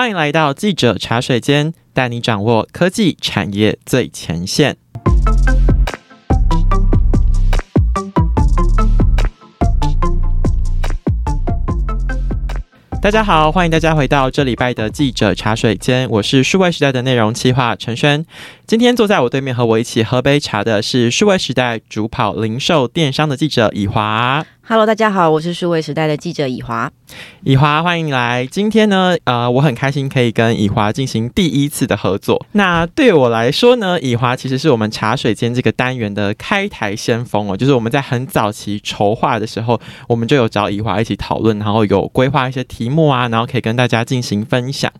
歡迎來到記者茶水間，帶你掌握科技產業最前線。大家好，歡迎大家回到這禮拜的記者茶水間，我是數位時代的內容企劃承軒。今天坐在我對面和我一起喝杯茶的是數位時代主跑零售電商的記者倚華。Hello，大家好，我是數位時代的記者倚華，倚華歡迎你來。今天呢，呃，我很開心可以跟倚華進行第一次的合作。那對我來說呢，倚華其實是我們茶水間這個單元的開台先鋒哦，就是我們在很早期籌劃的時候，我們就有找倚華一起討論，然後有規劃一些題目啊，然後可以跟大家進行分享。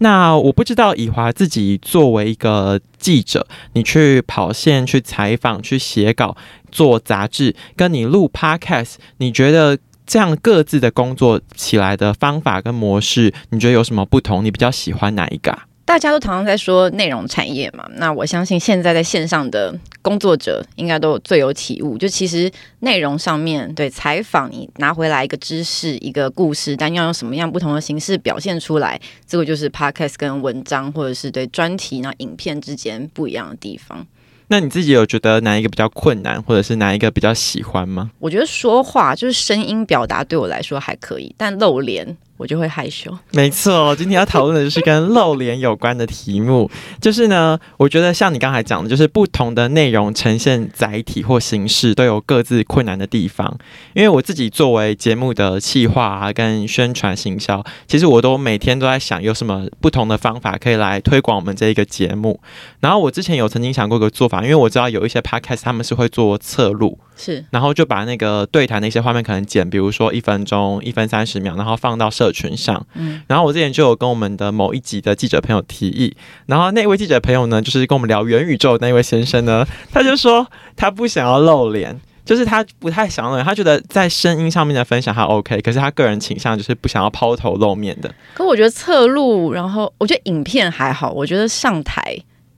那我不知道倚華自己作為一個記者，你去跑線去、去採訪、去寫稿。做雜誌跟你錄 podcast，你覺得這樣各自的工作起來的方法跟模式，你覺得有什麼不同？你比較喜歡哪一個啊？大家都常常在說內容產業嘛，那我相信現在在線上的工作者應該都有最有體悟。就其實內容上面，對採訪你拿回來一個知識、一個故事，但要用什麼樣不同的形式表現出來，這個就是 podcast 跟文章或者是對專題、然後影片之間不一樣的地方。那你自己有覺得哪一個比較困難，或者是哪一個比較喜歡嗎？我覺得說話就是聲音表達對我來說還可以，但露臉。我就會害羞，沒錯。今天要討論的就是跟露臉有關的題目。 就是呢，我覺得像你剛才講的，就是不同的內容呈現載體或形式都有各自困難的地方。因為我自己作為節目的企劃啊，跟宣傳行銷，其實我都每天都在想，有什麼不同的方法可以來推廣我們這一個節目。然後我之前有曾經想過一個做法，因為我知道有一些 podcast 他們是會做側錄，是，然後就把那個對談的一些畫面可能剪，比如說一分鐘、一分三十秒，然後放到社群，群上，嗯，然後我之前就有跟我們的某一集的記者朋友提議，然後那位記者朋友呢，就是跟我們聊元宇宙的那位先生呢，他就說他不想要露臉，就是他不太想要，他覺得在聲音上面的分享還 OK，可是他個人傾向就是不想要拋頭露面的。可我覺得側錄，然後我覺得影片還好，我覺得上台。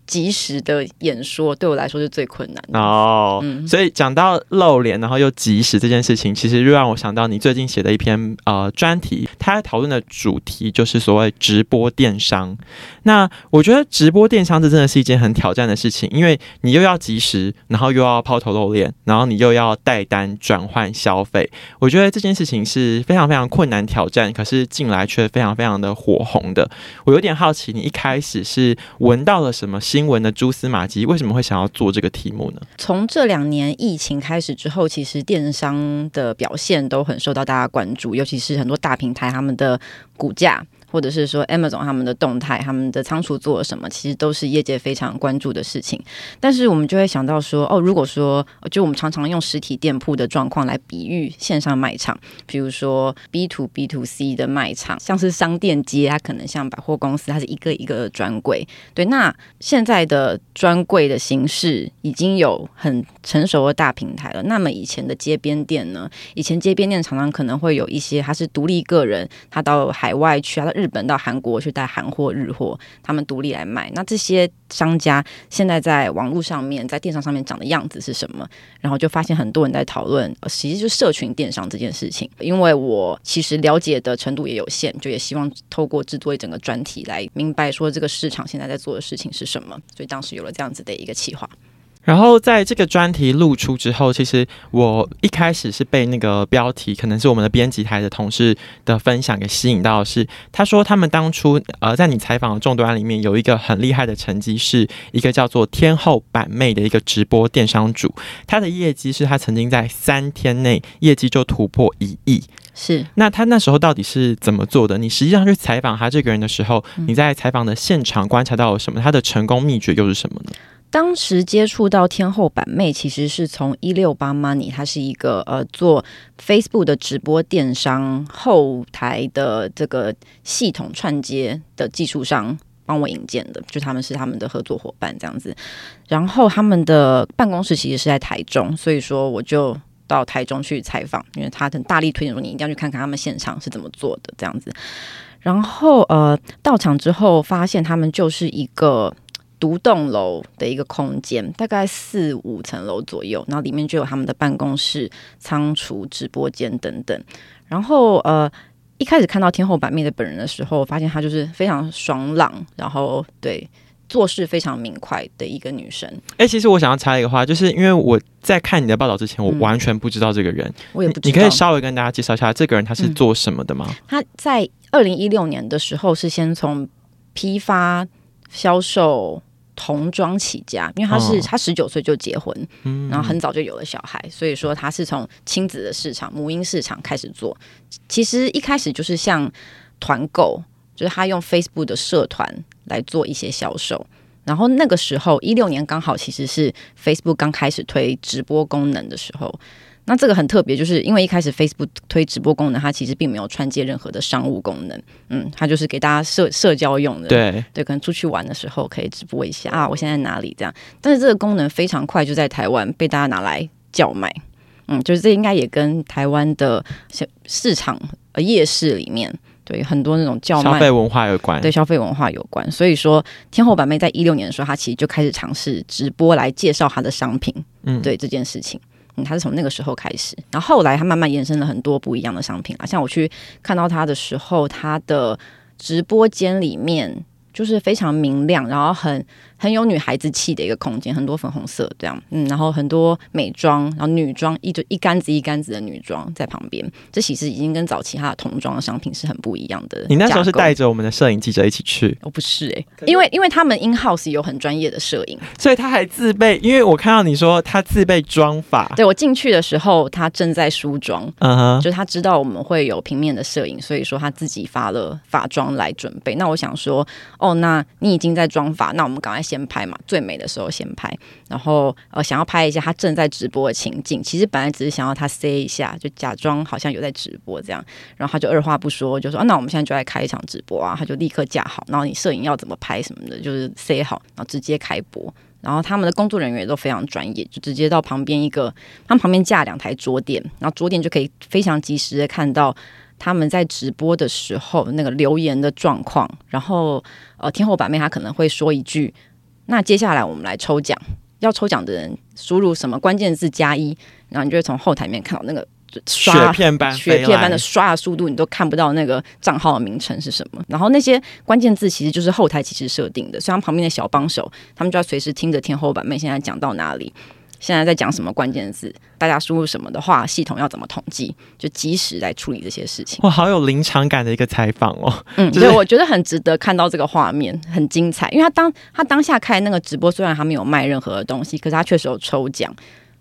即時的演說對我來說是最困難的哦，oh, 所以講到露臉，然後又即時這件事情，其實又讓我想到你最近寫的一篇呃專題，他在討論的主題就是所謂直播電商。那我覺得直播電商這真的是一件很挑戰的事情，因為你又要即時，然後又要拋頭露臉，然後你又要帶單轉換消費，我覺得這件事情是非常非常困難挑戰，可是近來卻非常非常的火紅的。我有點好奇，你一開始是聞到了什麼？新聞的蛛絲馬跡，為什麼會想要做這個題目呢？從這兩年疫情開始之後，其實電商的表現都很受到大家關注，尤其是很多大平台他們的股價。或者是說 Amazon 他們的動態，他們的倉儲做了什麼，其實都是業界非常關注的事情。但是我們就會想到說，哦，如果說就我們常常用實體店鋪的狀況來比喻線上賣場，比如說 B to B to C 的賣場，像是商店街，它可能像百貨公司，它是一個一個的專櫃。對，那現在的專櫃的形式已經有很成熟的大平台了。那麼以前的街邊店呢？以前街邊店常常可能會有一些，他是獨立個人，他到海外去啊，他日日本到韓國去帶韓貨、日貨，他們獨立來賣。那這些商家現在在網絡上面、在電商上面長的樣子是什麼？然後就發現很多人在討論，其實就是社群電商這件事情。因為我其實了解的程度也有限，就也希望透過製作一整個專題來明白說這個市場現在在做的事情是什麼。所以當時有了這樣子的一個企劃。然後在這個專題露出之後，其實我一開始是被那個標題，可能是我們的編輯台的同事的分享給吸引到的是。是他說他們當初呃在你採訪的眾多案例裡面，有一個很厲害的成績，是一個叫做天后板妹的一個直播電商主，他的業績是他曾經在三天內業績就突破一億。是那他那時候到底是怎麼做的？你實際上去採訪他這個人的時候，你在採訪的現場觀察到了什麼？嗯，他的成功秘訣又是什麼呢？當時接觸到天后板妹，其實是從一六八 money，她是一個呃做 Facebook 的直播電商後台的這個系統串接的技術商幫我引薦的，就他們是他們的合作夥伴這樣子。然後他們的辦公室其實是在台中，所以說我就到台中去採訪，因為他很大力推薦說你一定要去看看他們現場是怎麼做的這樣子。然後呃到場之後發現他們就是一個。獨棟樓的一個空間，大概四五層樓左右，然後裡面就有他們的辦公室、倉儲、直播間等等。然後，呃，一開始看到天后版面的本人的時候，我發現她就是非常爽朗，然後對做事非常明快的一個女生。哎、欸，其實我想要插一個話，就是因為我在看你的報道之前，我完全不知道這個人。嗯、我也不知道你，你可以稍微跟大家介紹一下這個人他是做什麼的嗎？嗯、他在二零一六年的時候是先從批發銷售。童裝起家，因為他是他十九歲就結婚，哦、然後很早就有了小孩，嗯嗯，所以說他是從親子的市場、母嬰市場開始做。其實一開始就是像團購，就是他用 Facebook 的社團來做一些銷售。然後那個時候，一六年剛好其實是 Facebook 剛開始推直播功能的時候。那這個很特別，就是因為一開始 Facebook 推直播功能，它其實並沒有串接任何的商務功能，嗯，它就是給大家社社交用的，對，對，可能出去玩的時候可以直播一下啊，我現在在哪裡這樣。但是這個功能非常快就在台灣被大家拿來叫賣，嗯，就是這應該也跟台灣的市場呃夜市裡面對很多那種叫賣消費文化有關，對消費文化有關。所以說，天后板妹在一六年的時候，她其實就開始嘗試直播來介紹他的商品，嗯，對這件事情。嗯，他是從那個時候開始，然後後來他慢慢延伸了很多不一樣的商品啊。像我去看到他的時候，他的直播間裡面就是非常明亮，然後很。很有女孩子氣的一個空間，很多粉紅色這樣，嗯，然後很多美妝，然後女裝，一就一杆子一杆子的女裝在旁邊，這其實已經跟早期他的童裝的商品是很不一樣的。你那時候是帶着我們的攝影記者一起去？哦，不是哎、欸，是因為因為他們 in house 有很專業的攝影，所以他還自備，因為我看到你說他自備妝髮，對，我進去的時候他正在梳妝，嗯哼，就他知道我們會有平面的攝影，所以說他自己發了髮妝來準備。那我想說，哦，那你已經在妝髮，那我們趕快先拍嘛，最美的時候先拍。然後呃，想要拍一下他正在直播的情景。其實本來只是想要他 say 一下，就假裝好像有在直播這樣。然後他就二話不說，就說啊，那我們現在就來開一場直播啊！他就立刻架好，然後你攝影要怎麼拍什麼的，就是 say 好，然後直接開播。然後他們的工作人員也都非常專業，就直接到旁邊一個，他們旁邊架兩台桌墊，然後桌墊就可以非常及時的看到他們在直播的時候那個留言的狀況。然後呃，天后版妹她可能會說一句。那接下來我們來抽獎，要抽獎的人輸入什麼關鍵字加一，1, 然後你就會從後台面看到那個刷雪片般，雪片般的刷的速度，你都看不到那個賬號的名稱是什麼。然後那些關鍵字其實就是後台其實設定的，雖然旁邊的小幫手他們就要隨時聽着天后版面現在講到哪裡。現在在講什麼關鍵字？大家輸入什麼的話，系統要怎麼統計？就及時來處理這些事情。哇，好有臨場感的一個採訪哦！就是、嗯，對我覺得很值得看到這個畫面，很精彩。因為他當他當下開那個直播，雖然他沒有賣任何的東西，可是他確實有抽獎。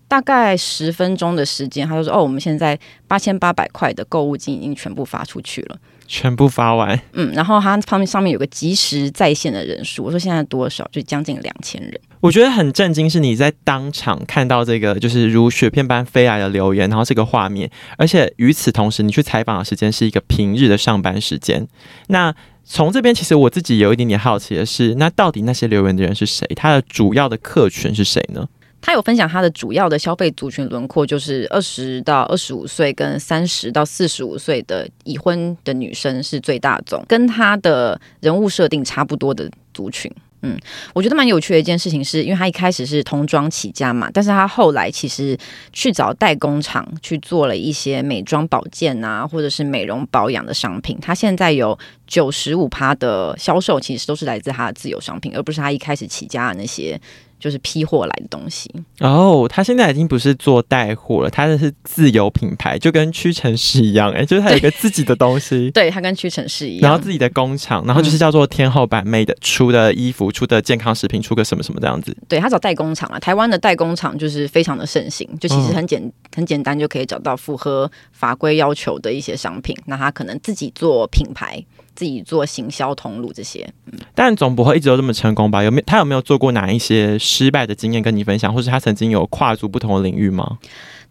大概十分鐘的時間，他就說：“哦，我們現在八千八百塊的購物金已經全部發出去了，全部發完。”嗯，然後他旁邊上面有個即時在線的人數，我說現在多少？就將近兩千人。我覺得很震驚，是你在當場看到這個，就是如雪片般飛來的留言，然後這個畫面，而且與此同時，你去採訪的時間是一個平日的上班時間。那從這邊，其實我自己有一點點好奇的是，那到底那些留言的人是誰？他的主要的客群是誰呢？他有分享他的主要的消費族群輪廓，就是二十到二十五歲跟三十到四十五歲的已婚的女生是最大宗，跟他的人物設定差不多的族群。嗯，我覺得蠻有趣的一件事情，是因為他一開始是童裝起家嘛，但是他後來其實去找代工廠去做了一些美妝、保健啊，或者是美容保養的商品。他現在有九十五趴的銷售，其實都是來自他的自有商品，而不是他一開始起家的那些。就是批貨來的東西哦，他、oh, 現在已經不是做帶貨了，他的是自有品牌，就跟屈臣氏一樣、欸，哎，就是他有一個自己的東西。對他 跟屈臣氏一樣，然後自己的工廠，然後就是叫做天后版 m 的、嗯、出的衣服，出的健康食品，出個什麼什麼這樣子。對，他找代工廠了、啊，台灣的代工廠就是非常的盛行，就其實很簡、嗯、很簡單就可以找到符合法規要求的一些商品。那他可能自己做品牌。自己做行銷通路這些，嗯，但總不會一直都這麼成功吧？有沒有他有沒有做過哪一些失敗的經驗跟你分享，或是他曾經有跨足不同的領域嗎？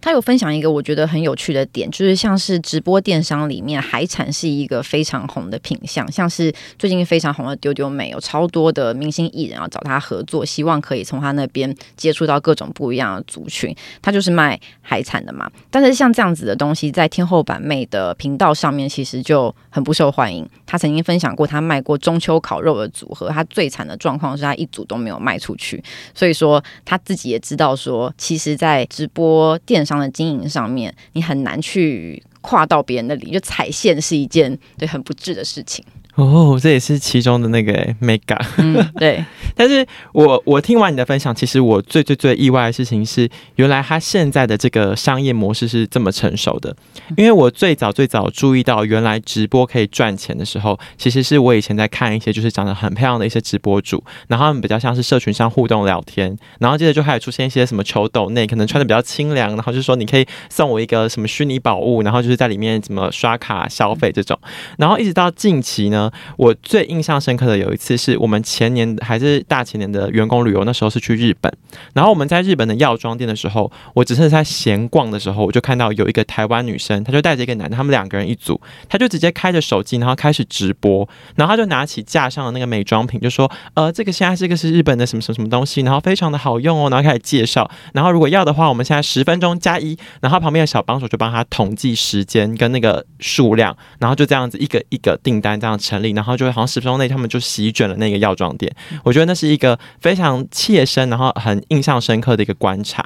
他有分享一個我覺得很有趣的點，就是像是直播電商裡面海產是一個非常紅的品項，像是最近非常紅的丟丟妹，有超多的明星藝人要找他合作，希望可以從他那邊接觸到各種不一樣的族群。他就是賣海產的嘛。但是像這樣子的東西，在天后版妹的頻道上面其實就很不受歡迎。他曾經分享過他賣過中秋烤肉的組合，他最慘的狀況是他一組都沒有賣出去。所以說他自己也知道說，其實，在直播電商。在經營上面，你很難去跨到別人那裡，就踩線是一件對很不智的事情。哦，這也是其中的那個美感。 嗯、對，但是我我聽完你的分享，其實我最最最意外的事情是，原來他現在的這個商業模式是這麼成熟的。因為我最早最早注意到原來直播可以賺錢的時候，其實是我以前在看一些就是長得很漂亮的一些直播主，然後他們比較像是社群上互動聊天，然後接着就開始出現一些什麼求斗內，可能穿的比較清涼，然後就說你可以送我一個什麼虛擬寶物，然後就是在裡面怎麼刷卡消費這種，然後一直到近期呢。我最印象深刻的有一次是我們前年還是大前年的員工旅遊，那時候是去日本。然後我們在日本的藥妝店的時候，我只是在閒逛的時候，我就看到有一個台灣女生，她就帶着一個男的，他們兩個人一組，她就直接開着手機，然後開始直播，然後他就拿起架上的那個美妝品，就說：“呃，這個現在這個是日本的什麼什麼什麼東西，然後非常的好用哦。”然後開始介紹，然後如果要的話，我們現在十分鐘加一。然後旁邊的小幫手就幫他統計時間跟那個數量，然後就這樣子一個一個訂單這樣然後就會好像十分鐘內，他們就席捲了那個藥妝店。我覺得那是一個非常切身，然後很印象深刻的一個觀察。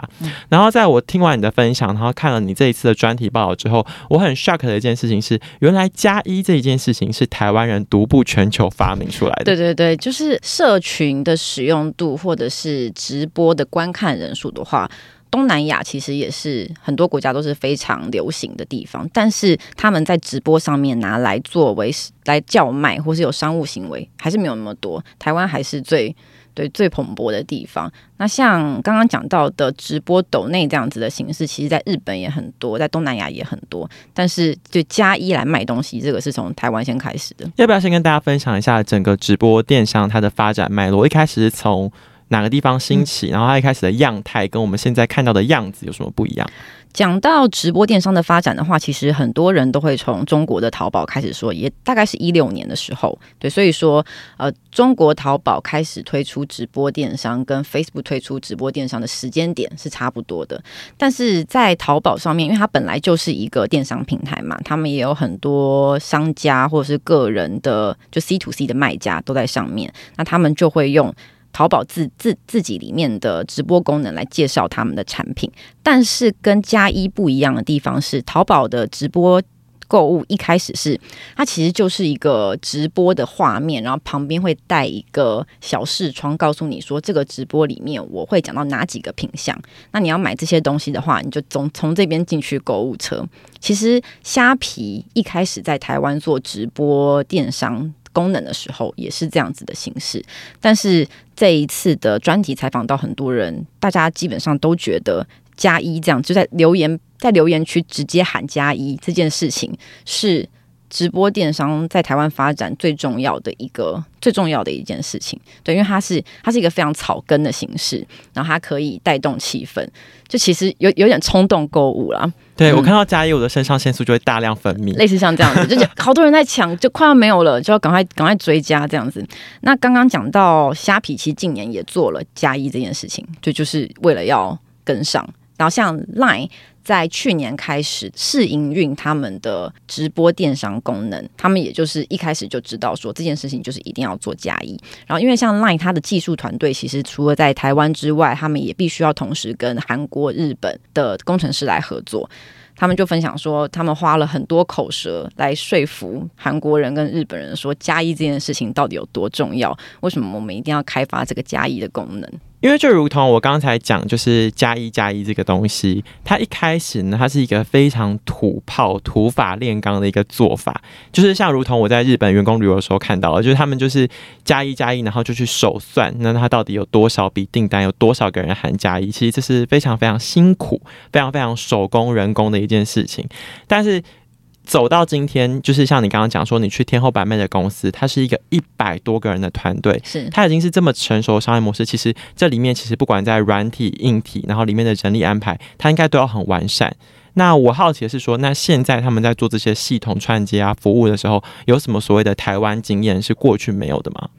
然後在我聽完你的分享，然後看了你這一次的專題報道之後，我很 shock 的一件事情是，原來加一這一件事情是台灣人獨步全球發明出來的。對對對，就是社群的使用度或者是直播的觀看人數的話。東南亞其實也是很多國家都是非常流行的地方，但是他們在直播上面拿來作為來叫賣或是有商務行為，還是沒有那麼多。台灣還是最對最蓬勃的地方。那像剛剛講到的直播抖內這樣子的形式，其實，在日本也很多，在東南亞也很多。但是，就加一來賣東西，這個是從台灣先開始的。要不要先跟大家分享一下整個直播電商它的發展脈絡？一開始是從。哪個地方興起，然後它一開始的樣態跟我們現在看到的樣子有什麼不一樣？講到直播電商的發展的話，其實很多人都會從中國的淘寶開始說，也大概是一六年的時候。對，所以說，呃，中國淘寶開始推出直播電商，跟 Facebook 推出直播電商的時間點是差不多的。但是在淘寶上面，因為它本來就是一個電商平台嘛，他們也有很多商家或者是個人的，就 C to C 的賣家都在上面，那他們就會用。淘寶自自自己裡面的直播功能來介紹他們的產品，但是跟加一不一樣的地方是，淘寶的直播購物一開始是，它其實就是一個直播的畫面，然後旁邊會帶一個小視窗，告訴你說這個直播裡面我會講到哪幾個品項。那你要買這些東西的話，你就從從這邊進去購物車。其實蝦皮一開始在台灣做直播電商功能的時候也是這樣子的形式，但是這一次的專題採訪到很多人，大家基本上都覺得加一這樣就在留言、在留言區直接喊加一這件事情是直播電商在台灣發展最重要的一個最重要的一件事情，對，因為它是它是一個非常草根的形式，然後它可以帶動氣氛，就其實有有點衝動購物啦，對，嗯，我看到加一，我的腎上腺素就會大量分泌，類似像這樣子，就好多人在搶， 就快要沒有了，就要趕快趕快追加這樣子。那剛剛講到蝦皮，其實近年也做了加一這件事情，就就是為了要跟上。然後像 Line。在去年開始試營運他們的直播電商功能，他們也就是一開始就知道說這件事情就是一定要做加一。然後因為像 LINE，它的技術團隊其實除了在台灣之外，他們也必須要同時跟韓國、日本的工程師來合作。他們就分享說，他們花了很多口舌來說服韓國人跟日本人說加一這件事情到底有多重要，為什麼我們一定要開發這個加一的功能。因為就如同我剛才講，就是加一加一這個東西，它一開始呢，它是一個非常土炮土法煉鋼的一個做法，就是像如同我在日本員工旅遊的時候看到了，就是他們就是加一加一，然後就去手算，那它到底有多少筆訂單，有多少個人喊加一，其實這是非常非常辛苦，非常非常手工人工的一件事情，但是。走到今天，就是像你剛剛講說，你去天后板妹的公司，它是一個一百多個人的團隊，是它已經是這麼成熟的商業模式。其實這裡面其實不管在軟體、硬體，然後裡面的人力安排，它應該都要很完善。那我好奇的是說，那現在他們在做這些系統串接啊、服務的時候，有什麼所謂的台灣經驗是過去沒有的嗎？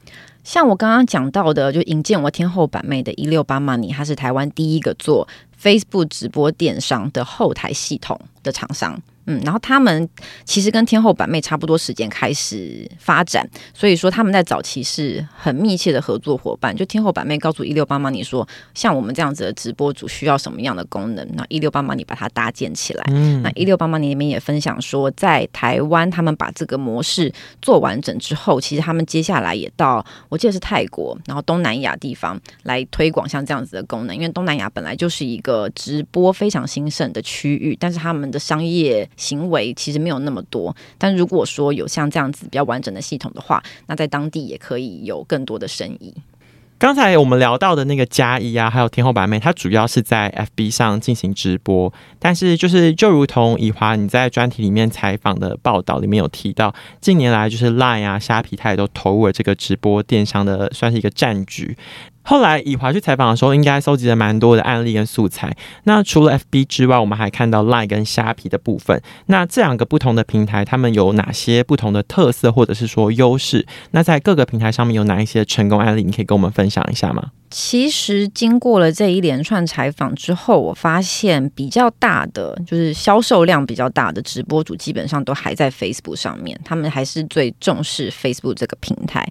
像我剛剛講到的，就引薦我天后板妹的“一六八 money”，它是台灣第一個做 Facebook 直播電商的後台系統的廠商。嗯，然後他們其實跟天后板妹差不多時間開始發展，所以說他們在早期是很密切的合作夥伴。就天后板妹告訴一六八八，你說像我們這樣子的直播主需要什麼樣的功能，那一六八八你把它搭建起來。嗯，那一六八八裡面也分享說，在台灣他們把這個模式做完整之後，其實他們接下來也到我記得是泰國，然後東南亞地方來推廣像這樣子的功能，因為東南亞本來就是一個直播非常興盛的區域，但是他們的商業。行為其實沒有那麼多，但如果說有像這樣子比較完整的系統的話，那在當地也可以有更多的生意。剛才我們聊到的那個加一啊，還有天后白媚，它主要是在 FB 上進行直播，但是就是就如同倚華你在專題裡面採訪的報道裡面有提到，近年來就是 LINE 啊、蝦皮，它也都投入了這個直播電商的，算是一個戰局。後來以華去採訪的時候，應該收集了蠻多的案例跟素材。那除了 FB 之外，我們還看到 LINE 跟蝦皮的部分。那這兩個不同的平台，他們有哪些不同的特色，或者是說優勢？那在各個平台上面有哪一些成功案例，你可以跟我們分享一下嗎？其實經過了這一連串採訪之後，我發現比較大的就是銷售量比較大的直播主，基本上都還在 Facebook 上面，他們還是最重視 Facebook 這個平台。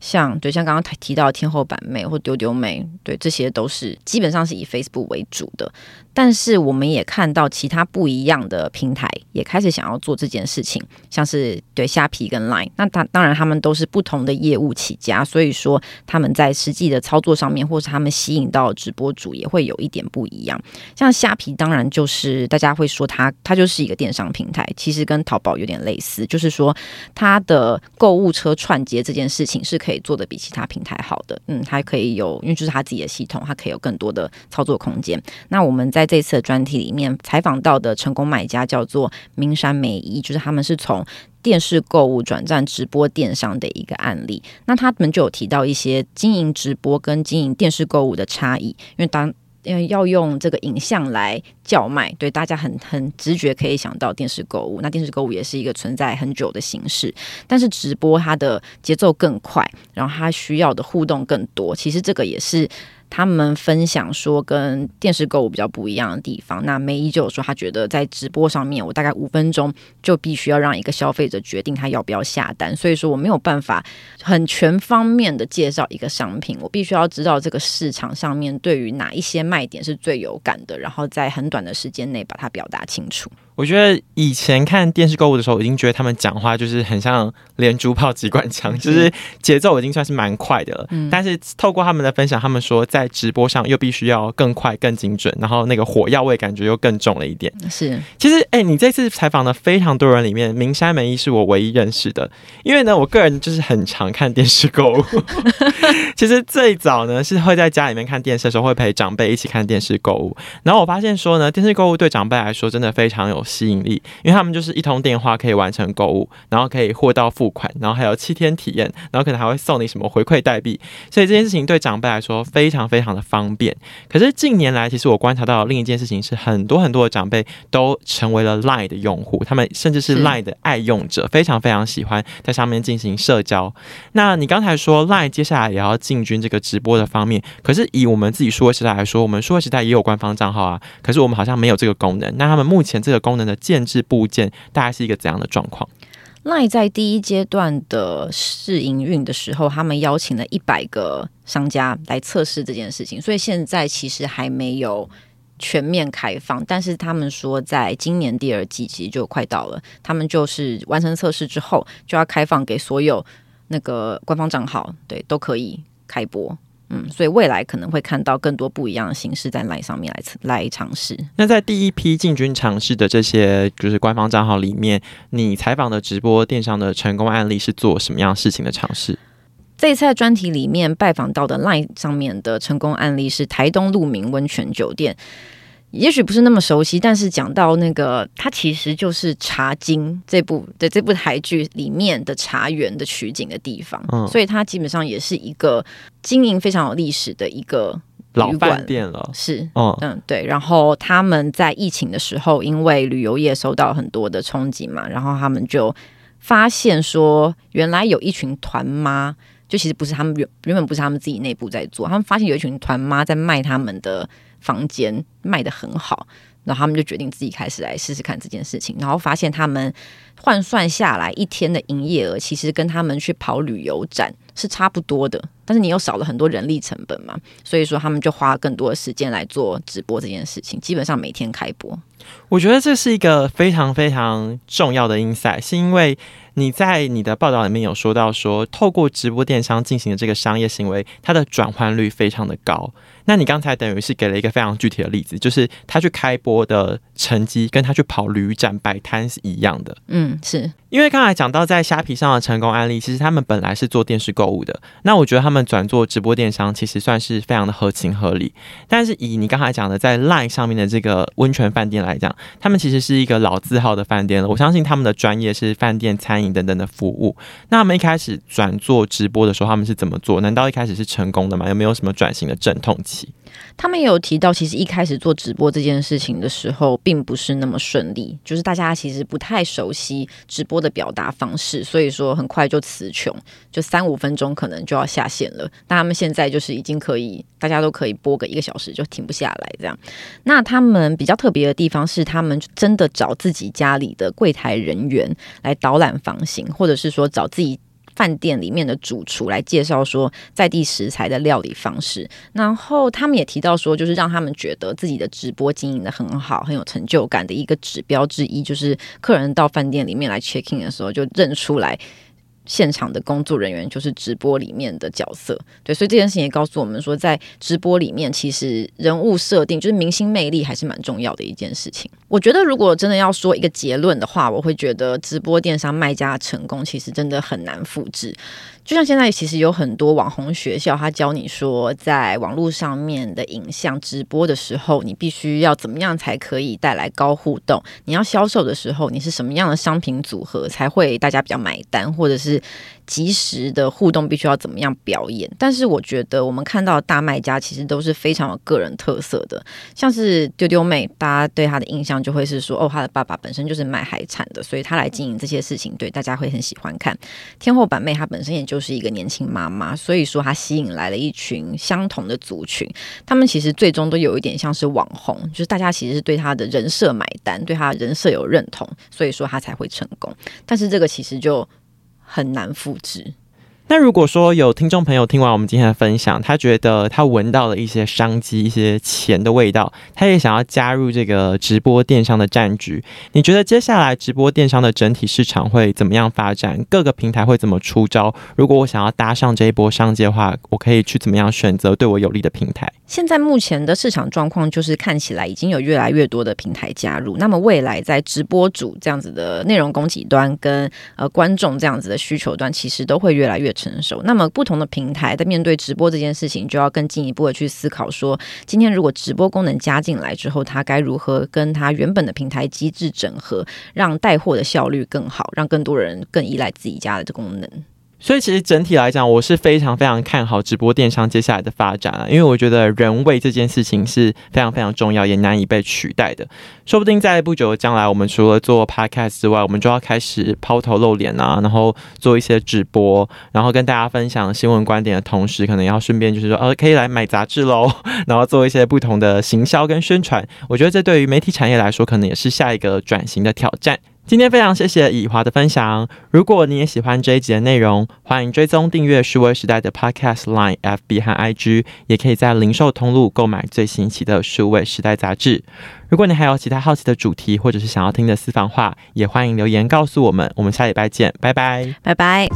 像對，像剛剛提到天后板妹或丟丟妹，對，這些都是基本上是以 Facebook 為主的，但是我們也看到其他不一樣的平台也開始想要做這件事情，像是對，蝦皮跟 LINE，那他當然，他們都是不同的業務起家，所以說他們在實際的操作上面或是他們吸引到直播主也會有一點不一樣。像蝦皮當然就是大家會說他，他就是一個電商平台，其實跟淘寶有點類似，就是說他的購物車串接這件事情是。可以做的比其他平台好的。嗯，他可以有，因為就是他自己的系統，他可以有更多的操作空間。那我們在這次的專題裡面採訪到的成功買家叫做明山美衣，就是他們是從電視購物轉戰直播電商的一個案例。那他們就有提到一些經營直播跟經營電視購物的差異，因為當要用這個影像來叫賣，對，大家很很直覺可以想到電視購物。那電視購物也是一個存在很久的形式，但是直播它的節奏更快，然後它需要的互動更多。其實這個也是。他們分享說，跟電視購物比較不一樣的地方。那梅姨就有說，她覺得在直播上面，我大概五分鐘就必須要讓一個消費者決定他要不要下單。所以說，我沒有辦法很全方面的介紹一個商品，我必須要知道這個市場上面對於哪一些賣點是最有感的，然後在很短的時間內把它表達清楚。我覺得以前看電視購物的時候，我已經覺得他們講話就是很像連珠炮、機關槍，就是節奏已經算是蠻快的了。嗯。但是透過他們的分享，他們說在直播上又必須要更快、更精準，然後那個火藥味感覺又更重了一點。是，其實哎、欸，你這次採訪的非常多人裡面，明山門一是我唯一認識的，因為呢，我個人就是很常看電視購物。 其實最早呢，是會在家裡面看電視的時候，會陪長輩一起看電視購物。然後我發現說呢，電視購物對長輩來說真的非常有吸引力，因為他們就是一通電話可以完成購物，然後可以貨到付款，然後還有七天體驗，然後可能還會送你什麼回饋代幣，所以這件事情對長輩來說非常非常的方便。可是近年來，其實我觀察到另一件事情是，很多很多的長輩都成為了 LINE 的用戶，他們甚至是 LINE 的愛用者，是非常非常喜歡在上面進行社交。那你剛才說 LINE 接下來也要進軍這個直播的方面，可是以我們自己數位時代來說，我們數位時代也有官方賬號啊，可是我們好像沒有這個功能。那他們目前這個功能那的建制部件大概是一個怎樣的狀況？那在第一階段的試營運的時候，他們邀請了一百個商家來測試這件事情，所以現在其實還沒有全面開放。但是他們說，在今年第二季其實就快到了，他們就是完成測試之後就要開放給所有那個官方賬號，對，都可以開播。嗯，所以未來可能會看到更多不一樣的形式在 LINE 上面來來嘗試。那在第一批進軍嘗試的這些就是官方賬號裡面，你採訪的直播電商的成功案例是做什麼樣事情的嘗試？這次在專題裡面拜訪到的 LINE 上面的成功案例是台東鹿鳴溫泉酒店。也許不是那麼熟悉，但是講到那個，它其實就是《茶經》這部對這部台劇裡面的茶園的取景的地方，嗯，所以它基本上也是一個經營非常有歷史的一個老板店了。是，嗯嗯，對。然後他們在疫情的時候，因為旅遊業受到很多的衝擊嘛，然後他們就發現說，原來有一群團媽，就其實不是他們原原本不是他們自己內部在做，他們發現有一群團媽在賣他們的。房間賣得很好，然後他們就決定自己開始來試試看這件事情，然後發現他們換算下來一天的營業額其實跟他們去跑旅遊展是差不多的，但是你又少了很多人力成本嘛，所以說他們就花更多的時間來做直播這件事情，基本上每天開播。我覺得這是一個非常非常重要的 insight，是因為你在你的報道裡面有說到說，說透過直播電商進行的這個商業行為，它的轉換率非常的高。那你剛才等於是給了一個非常具體的例子，就是他去開播的成績跟他去跑旅展擺攤是一樣的。嗯，是因為剛才講到在蝦皮上的成功案例，其實他們本來是做電視購物的，那我覺得他們轉做直播電商其實算是非常的合情合理。但是以你剛才講的在 LINE 上面的這個溫泉飯店來這樣，他們其實是一個老字號的飯店了。我相信他們的專業是飯店、餐飲等等的服務。那他們一開始轉做直播的時候，他們是怎麼做？難道一開始是成功的嗎？有沒有什麼轉型的陣痛期？他們有提到，其實一開始做直播這件事情的時候，並不是那麼順利，就是大家其實不太熟悉直播的表達方式，所以說很快就詞窮，就三五分鐘可能就要下線了。那他們現在就是已經可以，大家都可以播個一個小時，就停不下來這樣。那他們比較特別的地方是是他們真的找自己家裡的櫃台人員來導覽房型，或者是說找自己飯店裡面的主廚來介紹說在地食材的料理方式。然後他們也提到說，就是讓他們覺得自己的直播經營得很好，很有成就感的一個指標之一，就是客人到飯店裡面來 check in 的時候就認出來。現場的工作人員就是直播裡面的角色，對，所以這件事情也告訴我們說，在直播裡面，其實人物設定就是明星魅力還是蠻重要的一件事情。我覺得，如果真的要說一個結論的話，我會覺得直播電商賣家成功其實真的很難複製。就像現在，其實有很多網紅學校，他教你說，在網絡上面的影像直播的時候，你必須要怎麼樣才可以帶來高互動？你要銷售的時候，你是什麼樣的商品組合才會大家比較買單？或者是即時的互動，必須要怎麼樣表演？但是我覺得，我們看到大賣家其實都是非常有個人特色的，像是丟丟妹，大家對她的印象就會是說，哦，她的爸爸本身就是賣海產的，所以她來經營這些事情，對，大家會很喜歡看。天后板妹，她本身也就是……就是一個年輕媽媽，所以說她吸引來了一群相同的族群，他們其實最終都有一點像是網紅，就是大家其實是對她的人設買單，對她人設有認同，所以說她才會成功。但是這個其實就很難複製。那如果說有聽眾朋友聽完我們今天的分享，他覺得他聞到了一些商機、一些錢的味道，他也想要加入這個直播電商的戰局。你覺得接下來直播電商的整體市場會怎麼樣發展？各個平台會怎麼出招？如果我想要搭上這一波商機的話，我可以去怎麼樣選擇對我有利的平台？現在目前的市場狀況就是看起來已經有越來越多的平台加入。那麼未來在直播主這樣子的內容供給端跟呃觀眾這樣子的需求端，其實都會越來越。成熟，那麼不同的平台在面對直播這件事情，就要更進一步的去思考說，說今天如果直播功能加進來之後，它該如何跟它原本的平台機制整合，讓帶貨的效率更好，讓更多人更依賴自己家的這功能。所以，其實整體來講，我是非常非常看好直播電商接下來的發展啊！因為我覺得人味這件事情是非常非常重要，也難以被取代的。說不定在不久的將來，我們除了做 podcast 之外，我們就要開始拋頭露臉啊，然後做一些直播，然後跟大家分享新聞觀點的同時，可能要順便就是說，哦、啊，可以來買雜誌嘍，然後做一些不同的行銷跟宣傳。我覺得這對於媒體產業來說，可能也是下一個轉型的挑戰。今天非常謝謝倚華的分享。如果你也喜歡這一集的內容，歡迎追蹤訂閱數位時代的 Podcast Line、FB 和 IG，也可以在零售通路購買最新一期的數位時代雜誌。如果你還有其他好奇的主題，或者是想要聽的私房話，也歡迎留言告訴我們。我們下禮拜見，拜拜，拜拜。